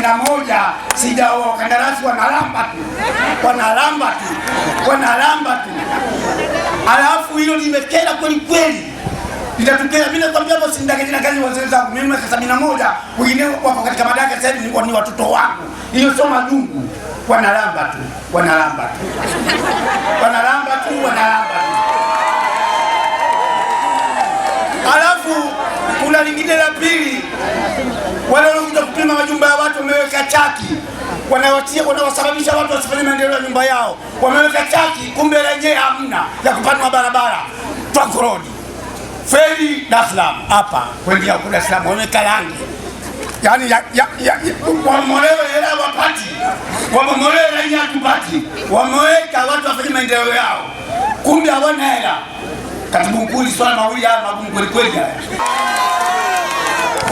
na moja, sijaoa. Kandarasi wanalamba tu, wanalamba tu, wanalamba tu, alafu hilo limekera kweli kweli litatokea. Mimi nakwambia hapo, simdanganya kazi wazee zangu mimi miaka sabini na moja, wengine wako katika madaraka sasa hivi ni watoto wangu. Hiyo sio majungu, wanalamba tu, wanalamba tu, wanalamba tu, wanalamba tu. Alafu kuna lingine la pili wameweka chaki, wanawatia wanawasababisha watu wasifanye maendeleo ya nyumba yao. Wameweka chaki, kumbe lenye hamna ya kupanua barabara Twakoroni feri Dar es Salaam hapa kuendelea huko Dar es Salaam wameweka rangi yani ya, ya, ya, wamolewe hela wapati, wamolewe raia tupati, wameweka watu wafanye maendeleo yao, kumbe hawana hela. Katibu mkuu, swala mawili haya magumu kweli kweli haya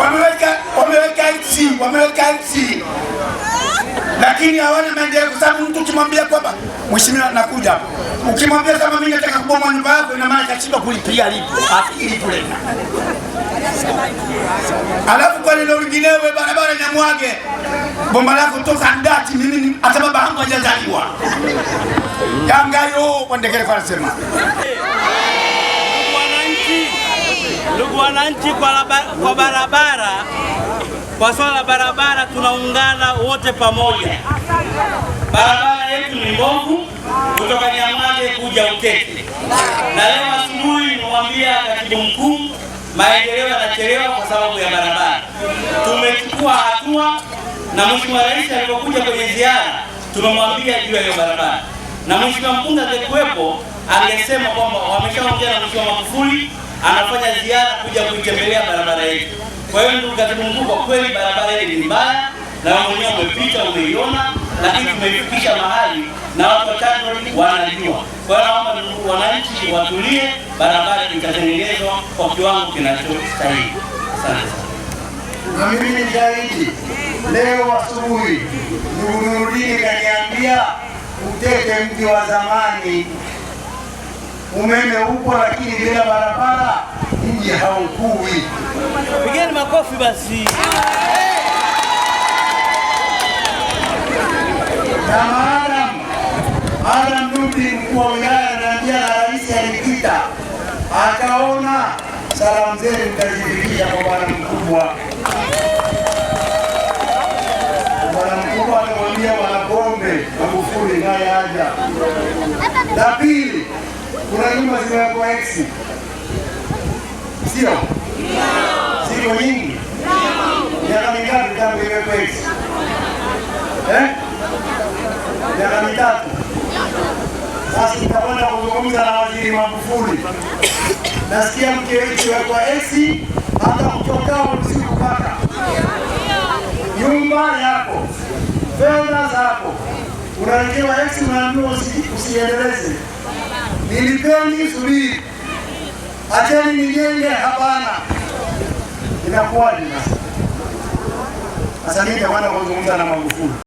wameweka nchi, wameweka nchi, lakini hawana maendeleo, kwa sababu mtu ukimwambia kwamba mheshimiwa, nakuja ukimwambia kama mimi nataka kubomoa nyumba yako, ina maana atashindwa kulipia lipo lipo lena. Alafu kwa neno linginewe, barabara Nyamwage, bomba lako toka ndati, mimi hata baba yangu hajazaliwa yangayo wandekele kwa nasema Ndugu wananchi, kwa barabara kwa swala la barabara tunaungana wote pamoja. Barabara yetu ni mbovu kutoka Nyamage kuja Utete, na leo asubuhi nimwambia katibu mkuu maendeleo yanachelewa kwa sababu ya barabara. Tumechukua hatua na Mheshimiwa Rais alipokuja kwenye ziara tumemwambia juu ya hiyo barabara, na Mheshimiwa mbunge angekuwepo angesema kwamba wameshaongea na Mheshimiwa Magufuli anafanya ziara kuja kuitembelea barabara yetu. Kwa hiyo ndugu katibu mkuu, kwa kweli barabara ile ni mbaya na mwenyewe umepita umeiona, lakini tumeifikisha mahali na watu wa TANROADS wanajua. Kwa hiyo naomba ndugu wananchi watulie, barabara itatengenezwa kwa kiwango kinachostahili. Asante sana. Na mimi ni leo asubuhi ndugu Nurudini kaniambia Utete mji wa zamani umeme upo, lakini bila barabara mji haukuu Pigeni makofi basi. Adam Duty mkuu wa wilaya anaambia rais alikita akaona salamu zenu mtazifikisha kwa bwana mkubwa. Bwana mkubwa akamwambia bwana Pombe Magufuli naye La pili, kuna nyumba zimewekwa sio? ziko nyingi. Miaka mingapi tangu imewekwa hizi? Miaka mitatu. Sasa tutakwenda kuzungumza na Waziri Magufuli. Nasikia mke wetu kwa esi hata kutoka usiku kaka. Nyumba yako, fedha zako. Unaelewa esi unaambiwa usiendeleze. Nilipeni subiri. Acheni nijenge hapana inakuwaje? Sasa sasa nini maana kuzungumza na Magufuli